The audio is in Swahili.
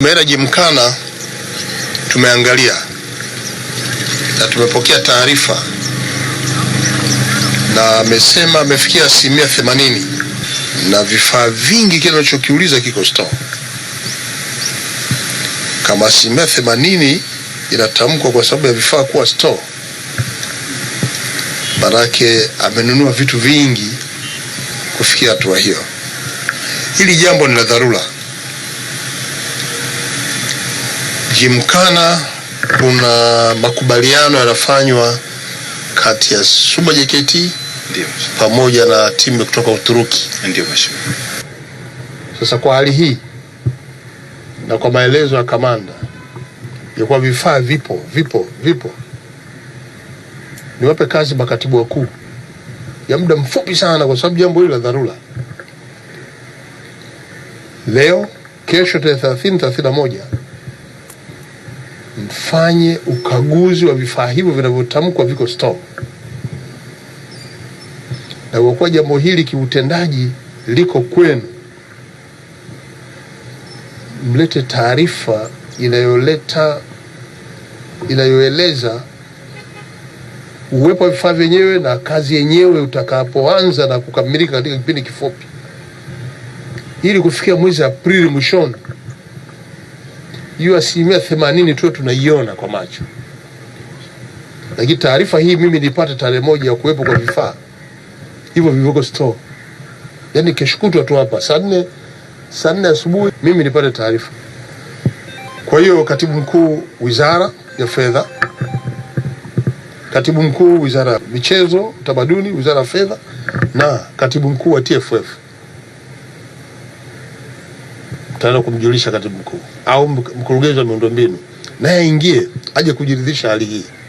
Tumeenda jimkana, tumeangalia na tumepokea taarifa, na amesema amefikia asilimia themanini na vifaa vingi, kile anachokiuliza kiko store. Kama asilimia themanini inatamkwa kwa sababu ya vifaa kuwa store, manake amenunua vitu vingi kufikia hatua hiyo. Hili jambo ni la dharura. jimkana kuna makubaliano yanafanywa kati ya Suba JKT pamoja na timu kutoka Uturuki. Ndio mheshimiwa. Sasa kwa hali hii na kwa maelezo ya kamanda ilikuwa vifaa vipo vipo vipo, niwape kazi makatibu wakuu ya muda mfupi sana, kwa sababu jambo hili la dharura. Leo kesho tarehe 30 31 mfanye ukaguzi wa vifaa hivyo vinavyotamkwa viko stop, na kwa kuwa jambo hili kiutendaji liko kwenu, mlete taarifa inayoleta inayoeleza uwepo wa vifaa vyenyewe na kazi yenyewe utakapoanza na kukamilika katika kipindi kifupi, ili kufikia mwezi Aprili mwishoni hiyo asilimia themanini tu tunaiona kwa macho, lakini taarifa hii mimi nipate tarehe moja ya kuwepo kwa vifaa hivyo vilivyoko store, yaani kesho kutwa tu hapa saa nne saa nne asubuhi mimi nipate taarifa. Kwa hiyo katibu mkuu wizara ya fedha, katibu mkuu wizara ya michezo utamaduni, wizara ya fedha na katibu mkuu wa TFF tutaenda kumjulisha katibu mkuu au mkurugenzi wa miundombinu, naye aingie aje kujiridhisha hali hii.